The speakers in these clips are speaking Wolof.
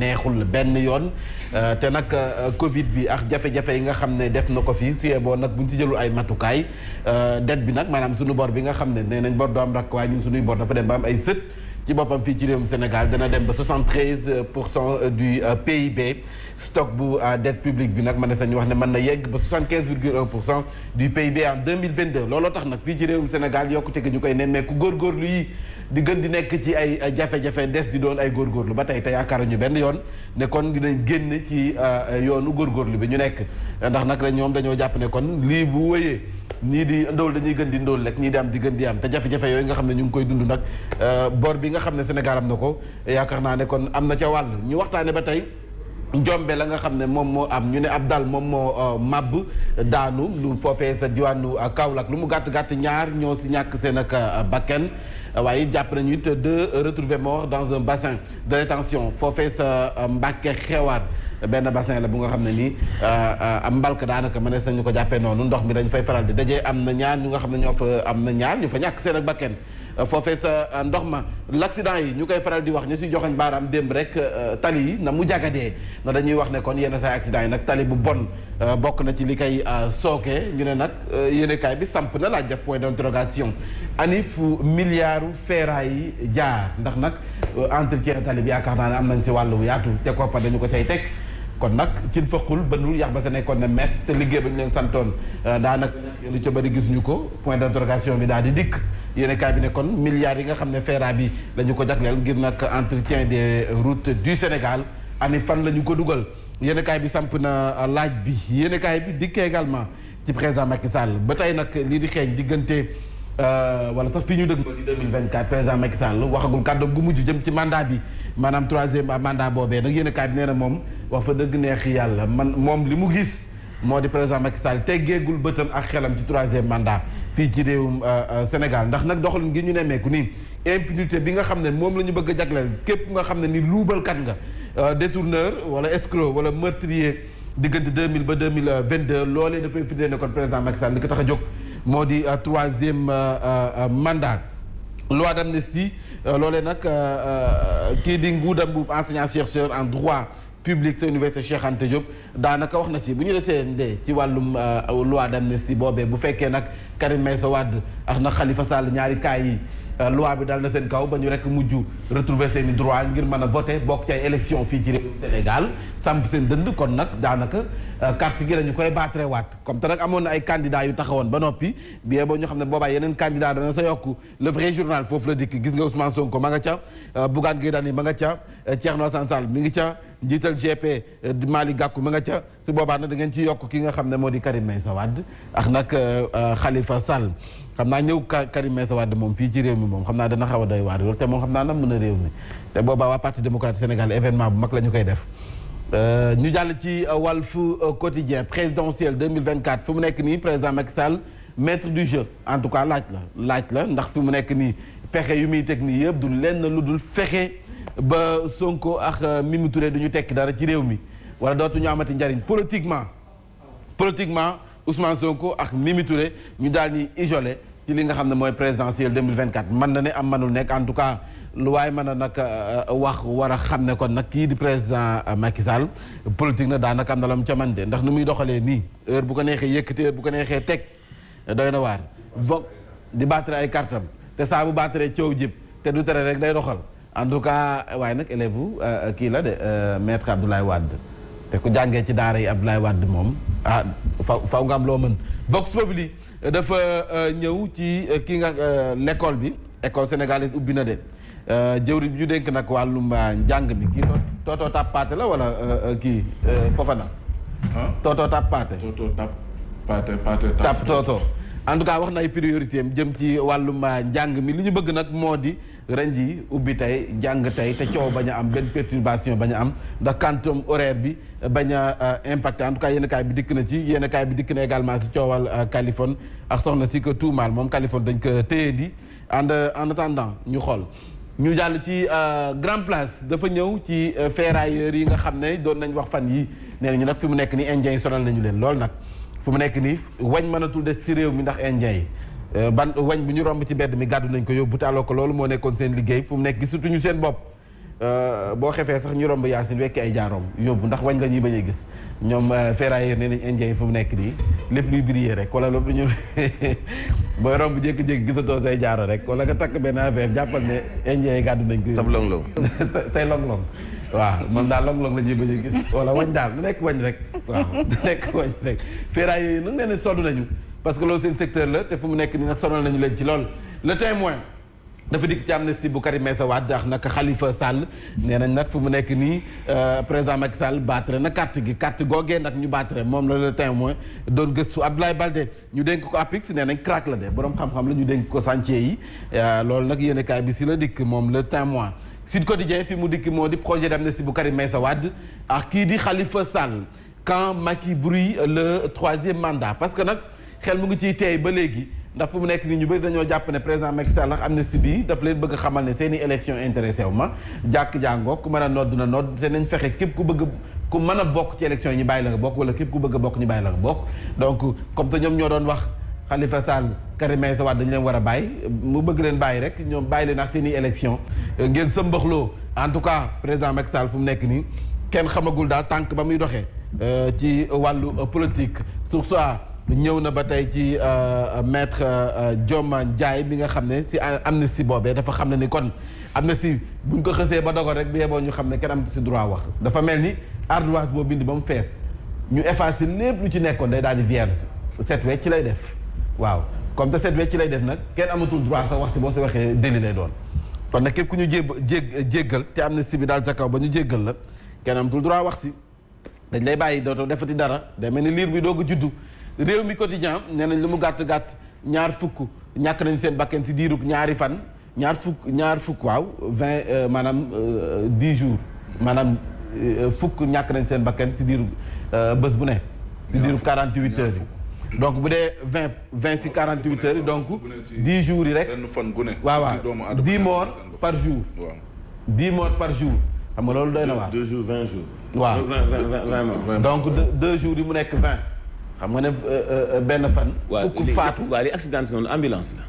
neexul benn yoon euh, te nag euh, Covid bi ak jafe-jafe yi nga xam ne def na ko fii su boo nag bu ñu ci jëlul ay matukaay euh, dette bi nag maanaam suñu bor bi nga xam ne nee nañ bor du am rakk waaye ñun suñuy boor dafa dem ba am ay sët ci boppam fii ci réewum Sénégal dana dem ba 73 pour cent du PIB. stock bu euh, dette publique bi nag mën na sañu wax ne mën na yegg ba 75 virgule 1 pour cent du PIB en 2022 looloo tax nag fii ci réewum Sénégal yokkute gi ñu koy nemmeeku góorgóorlu yi di gën di nekk ci ay jafe-jafe des di doon ay góorgóorlu ba tey te yaakaar ñu benn yoon ne kon dinañ génn ci euh, yoonu góor góorgóorlu bi ñu nekk ndax nag la ñoom dañoo jàpp ne kon lii bu wëyee ñii di ndóol dañuy gën di ndóol rek ñii di am di gën di am te jafe-jafe yooyu nga xam ne ñu ngi koy dund nag euh, bor bi nga xam ne Sénégal am na ko yaakaar naa ne kon am na ca wàll ñu waxtaane ba tey Njombe la nga xam ne moom moo am ñu ne ab dal moom moo euh, màbb daanu lu foofee sa diwaanu euh, Kaolack lu mu gàtt gàtt ñaar ñoo si ñàkk seen ak euh, bakken waaye jàpp nañu it deux retrouvés morts dans un bassin de rétention foofee sa Mbàkke xewaat benn bassin la bu nga xam ne nii am mbalk daanaka mënees nañu ko jàppee noonu ndox mi dañ fay faral di daje am na ñaar ñu nga xam ne ñoo fa na ñaar ñu fa ñàkk seen ak bakken Euh, foofee sa euh, ndox ma l' accident yi ñu koy faral di wax ñu si joxañ baaraam démb rek euh, tali yi na mu jagadee na dañuy wax ne kon yenn say accident yi nag tali bu bon bokk na ci li koy sooke ñu ne nag yéenekaay bi samp na laaj def point d' interrogation ani fu milliardu ferraille yi jaar ndax nag entretien tali bi yaakaar naa ne am nañ si wàllu yaatu te koppa dañu ko tey teg kon nag cin faqul banul yax ba sa nekkoon ne mes te liggéey ba ñu leen santoon daanaka ca bëri gis ko point d' interrogation bi daal di dikk yéen kaay bi ne kon milliards yi nga xam ne feera yi lañu ko jagleel ngir nag entretien de routes du Sénégal ani fan la ñu ko dugal yéen kaay bi samp na laaj bi yéen kaay bi dikkee également ci président Macky ba tey nag lii di xeeñ diggante euh, wala sax fii ñu dëgg di 2024 président Macky Sall waxagul kàddoom gu mujj jëm ci mandat bi maanaam troisième mandat boobee nag yéen kaay bi nee na moom wax fa dëgg neex yàlla man moom li mu gis. moo di président Macky Sall teggeegul bëtam ak xelam ci troisième mandat fii ci réewum euh, euh, Sénégal ndax nag doxalin ngi ñu nemmeeku nii impunité bi nga xam ne moom la ñu bëgg a jagleel képp nga xam ne ni luubalkat nga euh, détourneur wala escroc wala meurtrier diggante deux mille ba deux mille vingt deux loole dafay firnde ne kon président Macky Sall li ko tax a jóg moo di troisième mandat loi d'amnistie loolee nag kii di Ngouda Mboup enseignant chercheur en droit publique sa université Cheikh Anta daanaka wax na ci bu ñu desee ndee ci wàllum euh, loi d'amnistie boobee bu fekkee nag Karim Meïssa Wade ax na xalifa Sall ñaari cas yi euh, loi bi dal na seen kaw ba ñu rek mujj retrouver seen i droit ngir mën a voter bokk ci ay élection fii ci réew Sénégal samp seen dënd kon nag daanaka Euh, carte gi dañu koy baatre waat comme te nag amoon na ay candidats yu taxawoon ba noppi bien boo ñu xam ne boobaa yeneen candidat dana sa yokk la dikk gis nga Ousmane Sonko ma nga ca euh, Bougane Gueye Dany ma nga ca euh, Thierno mi ngi ca njiital GP di Malick Gakou ma nga ca su boobaa nag da ngeen ci yokk ki nga xam ne moo di Karim Meïssa Wade ak nag Khalifa Sall xam naa ñëw Karim Meïssa Wade moom fii ci réew mi moom xam naa dana xaw a doy waar loolu te moom xam naa na mën a réew mi te boobaa waa parti démocratique Sénégal événement bu mag la ñu koy def Euh, ñu jàll ci euh, Walf euh, Quotidien présidentiel 2024 fi mu nekk nii président Macky Sall maître du jeu en tout cas laaj la laaj la ndax fi mu nekk nii pexe yu muy teg nii yëpp du lenn lu dul fexe ba Sonko ak Mimi Touré du ñu tekki dara ci réew mi wala dootuñu amati njariñ politiquement politiquement Ousmane Sonko ak Mimi Touré ñu daal di isolé ci li nga xam ne mooy présidentiel 2024 mën na ne am manul nekk en tout cas lu waay man a nag euh, wax war a xam ne kon nag kii di président euh, Macky Sall politique na daanaka am na la mu ca man de ndax nu muy doxalee nii heure bu ko neexee yëkkati heure bu ko neexee teg doy na waar bokk di battre ay kartam te saa bu battre coow jib te du tere rek day doxal en tout cas waaye nag élève euh, kii la de maître Abdoulaye Wade te ku jàngee ci daara yi Abdoulaye Wade moom ah faw faw nga am loo mën Vox Populi dafa ñëw ci kii nga l'école bi école sénégalaise ubbi na de Euh, jëwri bi ñu dénk nag wàllum euh, njàng mi kii tootoo tàppaate la wala euh, kii Fofana. ah tootoo tàppaate. tootoo tàppaate paate tàpp tootoo en cas wax na ay priorité am jëm ci wàllum njàng mi li ñu bëgg nag moo di ren ji ubbi tey jàng tey te coow bañ a am benn perturbation bañ a am ndax quantum horaire bi bañ a impacté en tout kaay bi dikk na ci yéen kaay bi dikk na également si coowal Kaliphone ak soxna si que tuumaal moom Kaliphone dañ ko téye di en en attendant ñu xool. ñu jàll ci euh, grand place dafa ñëw ci euh, ferrailleurs yi nga xam ne doon nañ wax fan yi nee nañu nag fi mu nekk nii indien yi sonal nañu leen lool nag fi mu nekk nii wañ mënatul des ci réew mi ndax indien yi euh, ban wañ bu ñu romb ci mbedd mi gàddu nañ ko yóbbu taaloo ko loolu moo nekkoon seen liggéey fu mu nekk gisatuñu seen bopp Euh, boo xefee sax ñu romb yaasin wekki ay jaaroom yóbbu ndax wañ la ñuy bañ a gis ñoom euh, ferrailleur nee nañ indien yi fu mu nekk nii lépp luy briller rek wala lépp lu ñu booy romb jékki-jékki gisatoo say jaaro rek wala nga takk benn affaire jàppal ne indien nañ ko. sab long-long say long-long waaw moom daal long-long la ñuy bañ gis wala wañ daal du nekk wañ rek waaw du nekk wañ rek ferrailleur yooyu nag nee nañu parce que loolu seen secteur la te fu mu nekk nii nag sonal nañu leen ci lool le témoin dafa dikk ci amnistie bu Karim Meïssa Wade ak nag Khalifa Sall nee nañ nag fu mu nekk nii euh, président Macky Sall baatere na carte gi carte googee nag ñu baatere moom la le témoin doon gëstu Abdoulaye Balde ñu dénk ko APIX nee nañ crack la de borom xam-xam la ñu dénk ko chantier yi euh, loolu nag yéen kaay bi si la dikk moom le témoin Sud Quotidien fi mu dikk moo di projet d'amnistie bu Karim Meïssa Wade ak kii di Khalifa Sall quand Macky bruit le troisième mandat parce que nag xel mu ngi ciy teey ba léegi ndax fu mu nekk nii ñu bëri dañoo jàpp ne président Macky Sall ak amnistie bi daf leen bëgg xamal ne seeni i élection intéressé wu ma jàkk jàngoo ku mën a nodd na nodd te nañ fexe képp ku bëgg ku mën a bokk ci élection yi ñu bàyyi la nga bokk wala képp ku bëgg a bokk ñu bàyyi la nga bokk donc comme te ñoom ñoo doon wax Khalifa Sall Karim Meïssa Wade dañu leen war a bàyyi mu bëgg leen bàyyi rek ñoom bàyyi leen ak seen i élection ngeen sëmbaxloo en tout cas président Macky Sall fu mu nekk nii kenn xamagul daal tànk ba muy doxee euh, ci wàllu euh, politique sur ñëw na ba tey ci euh, euh, maître euh, Dioma Ndiaye bi nga xam ne si am na si boobee dafa xam ne ni kon am na si buñ ko xësee ba dogal rek bu yeboo ñu xam ne kenn am ci droit wax dafa mel ni ardoise boo bind ba mu fees ñu effacer lépp lu ci nekkoon day daal di vierge set ci lay def waaw comme te set wecc ci lay def nag kenn amatul droit sa wax si boo si waxee déli lay doon kon nag képp ku ñu jéb jég jéggal te amnistie bi daal sa kaw ba ñu jéggal la kenn amatul droit wax si dañ lay bàyyi dootoo defati dara day mel ni liir bi doog a juddu réew mi quotidien nee nañ lu mu gàtt gàtt ñaar fukk ñàkk nañ seen bakken si diirub ñaari fan ñaar fukk ñaar fukk waaw vingt euh, maanaam euh, dix jours maanaam euh, fukk ñàkk nañ seen bakken si diirub bés bu ne si diirub quarante huit heures yi donc bu dee vingt vingt si quarante huit heures yi donc dix jours yi rek waaw waaw dix morts par jour dix par jour xam nga loolu doy na waar deux jours vingt jours waaw donc deux jours yi mu nekk vingt xam nga ne euh, euh, euh, benn fan. fukk faatu waaw li accident si noonu ambulance la.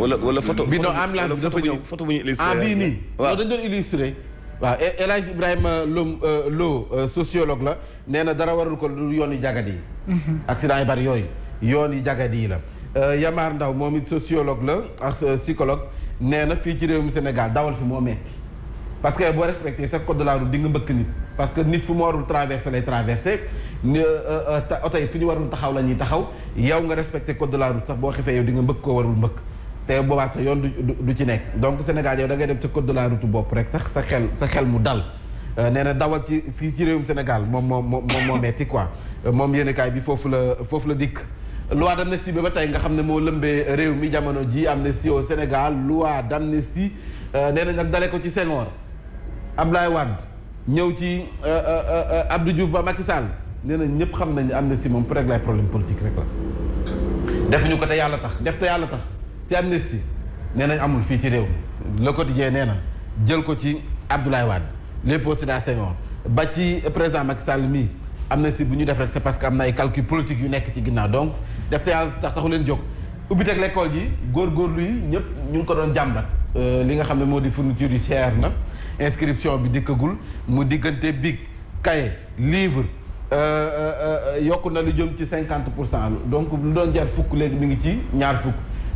wala wala photo bi non ambulance bi dafa ñëw photo bu ñu illustré ah bii nii. waaw dañu doon illustré. waaw El Hadj Ibrahima Lo sociologue la nee na dara warul ko lu yoon yu jagad yi. Mhm. accident yu bari yooyu yoon yi jagad yi la. Yamar Ndaw moom it sociologue la ak psychologue nee na fii ci réewum Sénégal dawal fi moo metti parce que boo respecté sa code de la di nga mbëkk nit. parce que nit fu mu warul traversé lay traversé euh, euh, oto yi fi ñu warul taxaw la ñuy taxaw yow nga respecté code de la route sax boo di nga mbëkk koo warul mbëkk te sa yoon du du ci nekk donc Sénégal da ngay dem ca code de la route bopp rek sax sa xel sa xel mu dal euh, nee na dawal ci fii ci réewum Sénégal moom moo moom moo metti quoi moom yéenekaay bi foofu la foofu la dikk loi d'amnistie bi ba tey nga xam ne moo lëmbee réew mi jamono ji amnistie au Sénégal loi d'amnistie nee na nag dale ko ci am Abdoulaye Wade ñëw ci euh, euh, euh, Abdou Diouf ba Macky Sall nee na ñëpp xam nañu amnistie moom pour régler problème politique rek la. defuñu ko te yàlla tax def te yàlla tax ci amnistie nee nañ amul fii ci réew mi Le Quotidien nee na jël ko ci Abdoulaye Wade Léopold Sédar Senghor ba ci président Macky Sall mii amnistie bu ñu def rek c'est parce que am na ay calcul politique yu nekk ci ginnaaw donc def te yàlla tax taxu leen jóg. ubbi teg l'école ji góorgóorlu yi ñëpp ñu ngi ko doon jàmbat. li nga xam ne moo di fourniture yi cher na. inscription bi dikkagul mu diggante big cahier livre euh, euh, euh, yokk na lu jëm ci cinquante pour cent donc lu doon jar fukk léegi mi ngi ci ñaar fukk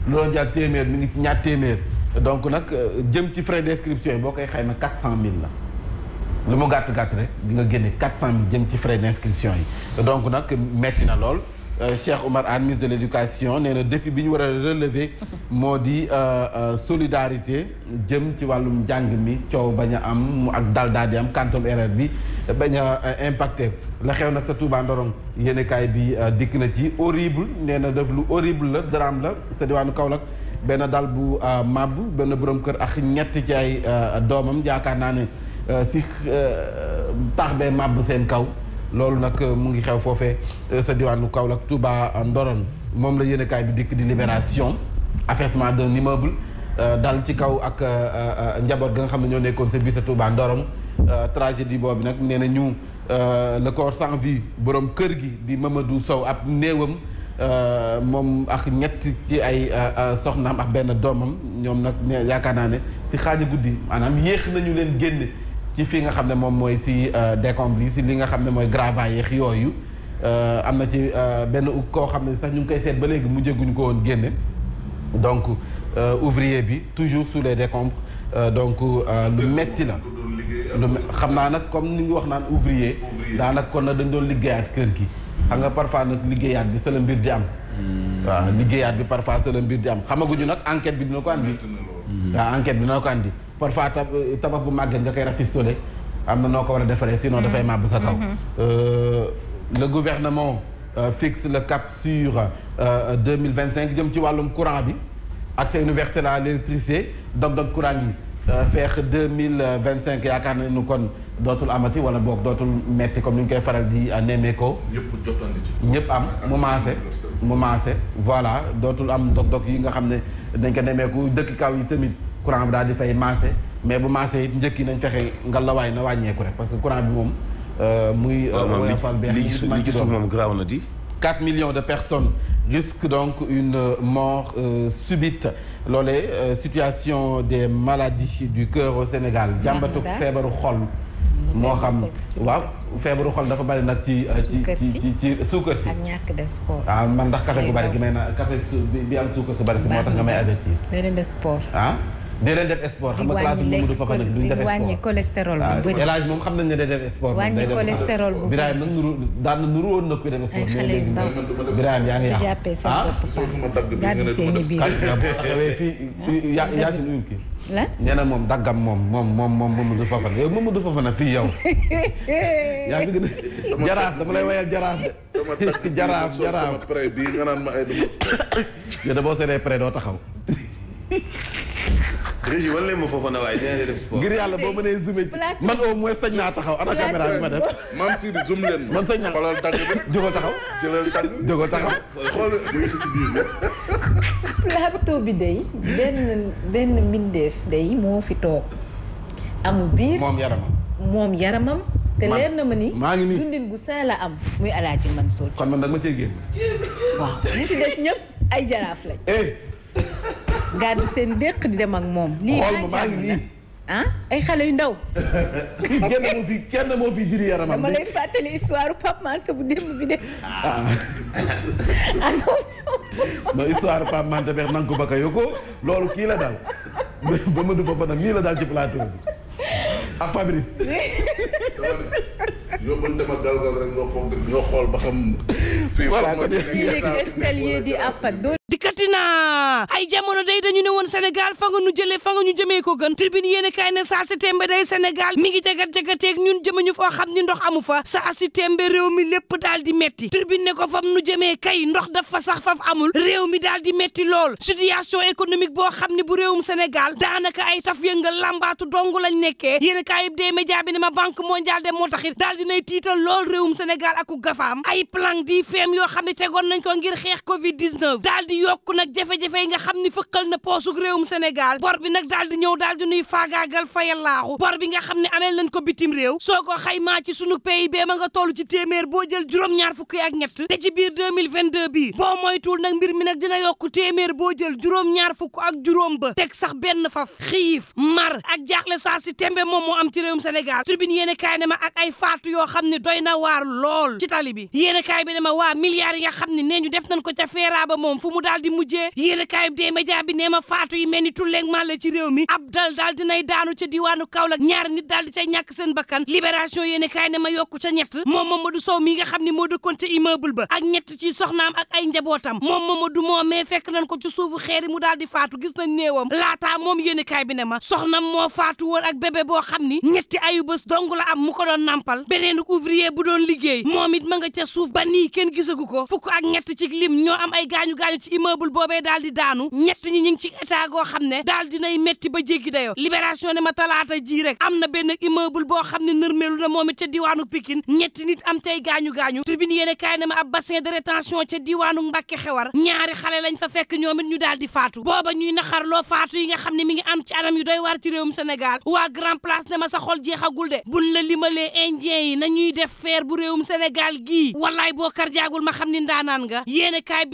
lu doon jar téeméer mi ngi ci ñaar téeméer donc nag jëm ci frais d'inscription yi boo koy xayma quatre cent mille la lu mu gàtt gàtt rek nga génne quatre cent mille jëm ci frais d'inscription yi donc nag metti na lool Euh, Cheikh Oumar Anne ministre de l' éducation nee na défi bi ñu war a relever moo di euh, euh, solidarité jëm ci wàllum njàng mi coow bañ a am mu ak dal daal di am kantom erreur bi bañ a impacté la xew nag sa Touba Ndorong yéenekaay bi dikk na ci horrible nee na def lu horrible la drame la sa diwaanu Kaolack benn dal bu màbb benn borom kër ak ñett ci ay doomam yaakaar naa ne si taax bee màbb seen kaw loolu nag euh, mu ngi xew foofee euh, sa diwaanu Kaolack Touba ndoroon moom la yéenekaay bi dikk di libération affaissement d'un immeuble euh, dal ci kaw ak njaboot ga nga xam ne ñoo nekkoon sa biir sa Touba Ndoron tragédie boobu nag nee na ñu le corps sans vie borom kër gi di Mamadou Sow ab néewam moom ak ñett ci ay soxnaam ak benn doomam ñoom nag yaakaar naa ne si xaaja guddi maanaam yéex nañu leen génne ci fii nga xam ne moom mooy si euh, décombre yi si li nga xam ne mooy gravats yeex yooyu euh, am na ci euh, benn koo xam ne sax ñu ngi koy seet ba léegi mu jéguñu ko woon génne donc ouvrier bi toujours sous les décombres donc lu metti la lu xam naa nag comme ni ngi wax naan ouvrier daanaka kon na dañ doon liggéeyaat kër gi xam nga parfois nag liggéeyaat bi sa mbir di am hmm. waaw liggéeyaat bi parfois sa la mbir di am xamaguñu nag enquête bi dina ko andi waaw enquête bi dina ko andi parfois tabax bu màgget nga koy rafistole am na noo ko war a defaree sinon mm-hmm. dafay bu sa kaw mm-hmm. euh, le gouvernement euh, fixe le cap sur euh, deux mille vingt cinq jëm ci wàllum courant bi accès universel à l'électricité donc donc courant yi euh, feex deux mille vingt cinq yaakaar na ni kon dootul amati wala boog dootul metti comme ni ñu koy faral di nemmeekoo. ñëpp jotandi ci. ñëpp am mu maase mu maase voilà dootul am dog-dog yi nga xam ne dañ ko nemmeeku dëkk kaw yi tamit. courant bi daal di fay maase mais bu maase it njëkk yi nañ fexe ngalawaay na wàññeeku rek parce que courant bi moom euh, muy euh, woyofal beex li ci suuf moom garaaw na di 4 millions de personnes risquent donc une mort euh, subite loole euh, situation de maladies du cœur au Sénégal ah, jàmbatu feebaru xol moo xam waaw feebaru xol dafa bari nag ci ci ci ci suukar si. ak ñàkk de ah, man ndax café gu bari gi may na café bi am suukar su bari si moo tax nga may avertir. ah. dee leen def sport xam nga classe ah, moom xam na nuru woon na kuy def sport mais yaa ngi yàq ah suma dagg bi nga ne fii yaa yaa na moom daggam moom moom moom moom Mamadou Fofana yow Mamadou Fofana fii yow yaa ngi gën a jaraaf dama lay wayal jaraaf de jaraaf jaraaf pré bii nga naan boo seree pré doo taxaw régi wan leen ma foofa na waaye dina def sport. ngir yàlla boo mënee zoomé man au moins sañ naa taxaw ana caméra bi ma def. man si zoom leen ma. man sañ naa xoolal tàgg bi jógal taxaw. jëlal tàgg jógal taxaw. xool plateau bi day benn benn mbindeef day moo fi toog amul biir moom yaramam. moom yaramam. te leer na ma ni maa ngi nii dundin gu saa am muy Alaaji Mansour. kon man nag ma cee waaw li si des ñëpp ay jaraaf lañ. Eh, gàddu seen dëkk di dem moom. xool maa ngi nii ah ay xale yu ndaw. kenn moo fi kenn moo fi diri yaramam. dama lay fàttali histoire Pape Mante bu démb bi de. ah non histoire Pape Mante beex na nga ko ba ka yokku loolu kii la daal ba mu du boppam nag la daal ci plateau bi ak ah, Fabrice. yow man dama galgal rek nga foog nga xool ba xam. fii voilà kon di àppat dikkati na ay jamono day dañu ne woon Sénégal fa nu jëlee fa nga ñu jëmee ko gën tribune yéen kaay ne saa si tembe day Sénégal mi ngi jagat-jagateeg ñun ñu fo xam ni ndox amu fa saa si tembe réew mi lépp daal di metti tribune ne ko fam nu jëmee kay ndox fa sax faf amul réew mi daal di metti lool situation économique boo xam ne bu réewum senegal daanaka ay taf yëngal lambaatu dong lañ nekkee yéen kaay yib dee média bi ne ma banque mondiale de moo taxit daal dinay tiital lool réewum Sénégal aku gafaam ay plan di feem xam ne tegoon nañ ko ngir xeex covid yokk nag jafe-jafe yi nga xam ni fëkkal na poosug réewum Sénégal bor bi nag daal di ñëw daal di nuy faagaagal fayal laaxu bor bi nga xam ne amee lañ ko bitim réew soo ko xaymaa ci sunu PIB ma nga toll ci téeméer boo jël juróom-ñaar fukki ak ñett te ci biir 2022 bii boo moytuwul nag mi nag dina yokk téeméer boo jël juróom-ñaar fukk ak juróom ba teg sax benn faf xiif mar ak jaaxle saa si tembe moom moo am ci réewum Sénégal tribune yéene kaay ne ma ak ay faatu yoo xam ne doy na waar lool ci tali bi yéene kaay bi ne ma waa milliards yi nga xam ne nee ñu def nañ ko ca feeraa ba di mujjee yéen kaay bi dee média nee ma faatu yi mel ni tulleeg maa la ci réew mi ab dal daal nay daanu ca diwaanu Kaolack ñaar nit daal di cay ñàkk seen bakkan libération yéen kaay ne ma yokku ca ñett moom ma Mamadou Sow mi nga xam ne moo dëkkoon ca immeuble ba ak ñett ci soxnaam ak ay njabootam moom Mamadou moomee fekk nañ ko ci suufu xeeri mu daal di faatu gis nañ néewam laata moom yéen kaay bi ne ma soxnaam moo faatu woon ak bébé boo xam ni ñetti ayu bés dong la am mu ko nampal beneen ouvrier bu doon liggéey moom it ma nga ca suuf ba nii kenn gisagu ko fukk ak ñett ci am ay gaañu immeuble boobee daal di daanu ñett ñi ñu ngi ci état xam ne daal dinay metti ba jéggi dayoo libération ne ma talaata ji rek am na benn immeuble boo xam ne nërmeelu na moom it ca diwaanu Pikine ñetti nit am tey gaañu-gaañu tribune yéene kaay ne ma ab bassin de rétention ca diwaanu Mbàkke xewar ñaari xale lañ fa fekk ñoom it ñu daal di faatu booba ñuy naxarloo faatu yi nga xam ne mi ngi am ci anam yu doy waar ci réewum Sénégal waa grand place ne ma sa xol jeexagul de buñ la limalee indien yi nañuy def feer bu réewum Sénégal gii wallaay boo kar jaagul ma xam ni ndaanaan nga yéene kaay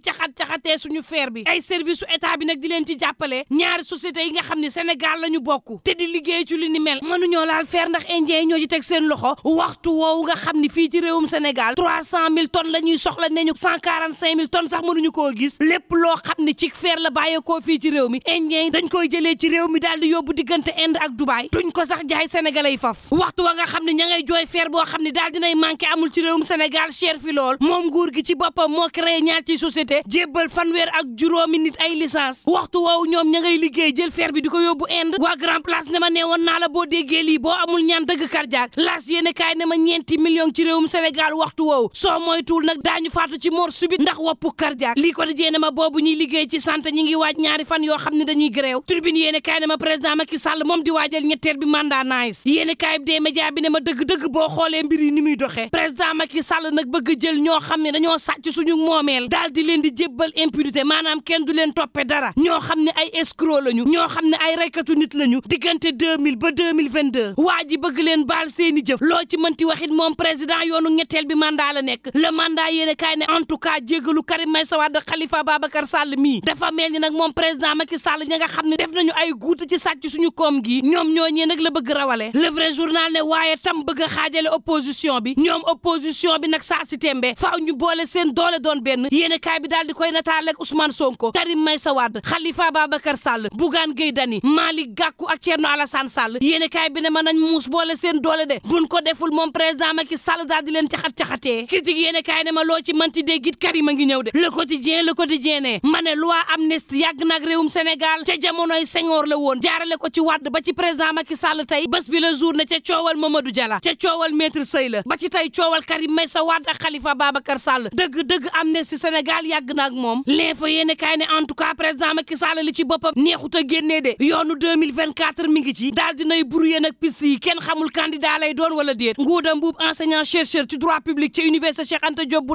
ñuy caxat-caxatee suñu feer bi ay service su état bi nag di leen ci jàppale ñaari société yi nga xam ne Sénégal la ñu bokk te di liggéey ci li ni mel mënuñoo laal feer ndax indien ñoo ci teg seen loxo waxtu woowu nga xam ne fii ci réewum Sénégal trois cent mille ton la ñuy soxla ne ñu cent quarante cinq mille tonnes sax mënuñu koo gis lép loo xam ne ci feer la ko fii ci réew mi indien dañ koy jëlee ci réew mi daal di yóbbu diggante Inde ak Dubaï duñ ko sax jaay sénégalais yi faf waxtu wa nga xam ne ña ngay jooy feer boo xam ne daal dinay manqué amul ci réewum Sénégal cher fi lool moom nguur gi ci boppam moo créé ñaar ci société recruter fan fanweer ak juróomi nit ay licence waxtu woowu ñoom ña ngay liggéey jël fer bi di ko yóbbu Inde waa grand place ne ma nee naa la boo déggee lii boo amul ñaan dëgg cardiaque laas yéene kaay ne ma ñeenti million ci réewum Sénégal waxtu woowu soo moytuwul nag daañu faatu ci mort subite ndax woppu cardiaque lii ko dijee ne ma boobu ñuy liggéey ci santé ñi ngi waaj ñaari fan yoo xam ne dañuy gréew tribune yéene kaay ne ma président Macky Sall moom di waajal ñetteel bi mandat naais média bi ne ma dëgg-dëgg boo xoolee mbir yi ni muy doxee président Macky Sall nag bëgg jël ñoo xam ne dañoo sàcc suñu moomeel leen di jébbal impunité maanaam kenn du leen toppe dara ñoo xam ne ay escroc lañu ñoo xam ne ay reykatu nit lañu diggante 2000 ba 2022 waa ji bëgg leen baal seeni jëf loo ci mënti waxit moom président yoonu ñetteel bi mandat la nekk le mandat yéene kaay ne en tout cas jégalu Karim Meïssa Wade Khalifa Babacar Sall mii dafa mel ni nag moom président Macky Sall ña nga xam ne def nañu ay guuta ci sàcc suñu koom gi ñoom ñoo ñee nag la bëgg rawale le vrai journal ne waaye tam bëgg a xaajale opposition bi ñoom opposition bi nag saa si tembe faaw ñu boole seen doole doon benn daal di koy nataal ak Ousmane Sonko Karim Meïssa Wade Khalifa Babacar Sall Bougane Gueye Dany Malick Gakou ak Thierno Alassane Sall yéen kaay bi ne mën nañ muus seen doole de buñ ko deful moom président Macky Sall daal leen caxat caxatee critique yéen kaay ne ma loo ci manti dégg it Karim a ngi ñëw de le quotidien le quotidien ne ma ne loi amnistie yàgg nag réewum Sénégal ca jamonoy Senghor la woon jaarale ko ci Wade ba ci président Macky Sall tey bés bi la journée ca coowal Mamadou Diala ca coowal maître Sey la ba ci tey coowal Karim Meïssa Wade ak Khalifa Babacar Sall dëgg dëgg amnistie Sénégal yàgg na ak moom ne en tout cas président Macky Sall li ci boppam neexut a génnee de mi ngi ci daal dinay brouillé nag piste yi kenn xamul candidat lay doon wala droit public ci université Cheikh Anta Diop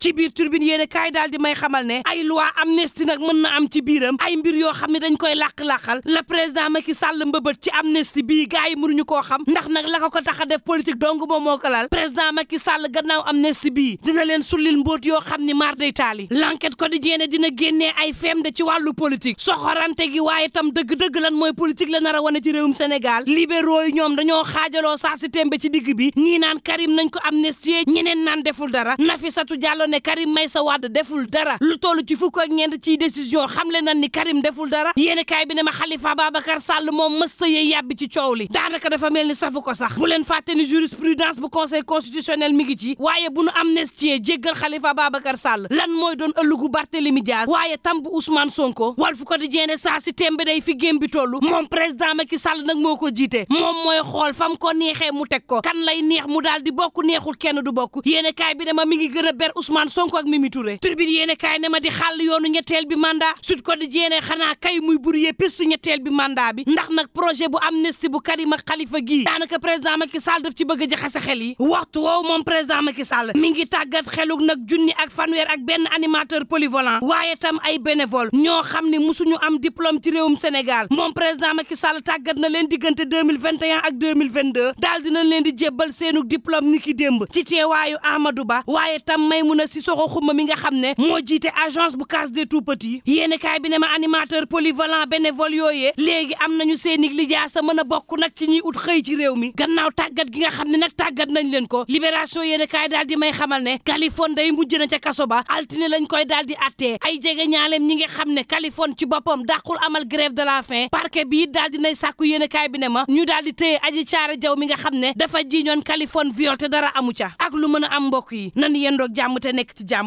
ci biir turbine yéene kaay daal di may xamal ne ay loi amnistie nag mën na am ci biiram ay mbir yoo xam ne dañ koy làq-làqal la président Macky Sall mbëbët ci amnistie bii gars yi mënuñu koo xam ndax nag la ko ko tax a def politique dong moom moo ko lal président Macky Sall gannaaw amnistie bii dina leen sullil mbóot yoo xam ni maar day taali la ko l'enquête quotidien dina génnee ay feem de ci wàllu politique soxorante gi waaye tam dëgg-dëgg lan mooy politique la nar a wane ci réewum Sénégal libéraux yi ñoom dañoo xaajaloo saa si tembe ci digg bi ñii naan Karim nañ ko amnistie ñeneen naan deful dara satu Diallo ne Karim Meïssa Wade deful dara lu toll ci fukk ak ñeent ciy xam xamle nañ ni Karim deful dara yéen kaay bi ne xalifa Khalifa Babacar Sall moom mës sa yee yàbbi ci coow li daanaka dafa mel ni safu ko sax bu leen fàtte ni jurisprudence bu conseil constitutionnel mi ngi ci waaye bu nu amnistie jéggal Khalifa Babacar Sall lan mooy doon ëllëgu Barthélemy Dias waaye tam bu Ousmane Sonko Walf Quotidien ne saa si tembe day fi gém bi toll moom président Macky Sall nag moo ko jiite moom mooy xool fam ko neexee mu teg ko kan lay neex mu daal di bokk neexul kenn du bokk yéene kaay bi ne ma mi ngi gën a ber Ousmane Sonko ak Mimi Touré Tribune yéene kaay ne ma di xàll yoonu ñetteel bi mandat Sud Quotidien ne xanaa kay muy brouillé piste ñetteel bi mandat bi ndax nag projet bu amnistie bu Karima Khalifa gii daanaka président Macky Sall daf ci bëgg a jaxase xel yi waxtu woowu moom président Macky Sall mi ngi tàggat xeluk nag junni ak fanweer ak benn animal animateur polyvalent waaye tam ay bénévole ñoo xam ne musuñu am diplôme ci réewum Sénégal moom président Macky Sall tàggat na leen diggante 2021 ak 2022 daal dinañ leen di jébbal seenu diplôme ni ki démb ci teewaayu Amadou Ba waaye tam Maimouna Sissoko Khouma mi nga xam ne moo jiite agence bu case des tout-petits yéenekaay bi ne ma animateur polyvalent bénévole yooyee léegi am nañu seeni lijaasa mën a bokk nag ci ñiy ut xëy ci réew mi gannaaw tàggat gi nga xam ne nag tàggat nañ leen ko libération yéenekaay daal di may xamal ne Kaliphone day mujj na ca kaso ba altine lañ koy daal di attee ay jege ñaaleem ñi nga xam ne Kaliphone ci boppam dàqul amal grève de la faim parquet bi it daal di nay sàkku yéenekaay bi ne ma ñu daal di téye aji caare jaw mi nga xam ne dafa jiiñoon Kaliphone viol te dara amu ca ak lu mën a am mbokk yi nan yendoog jàmm te nekk ci jàmm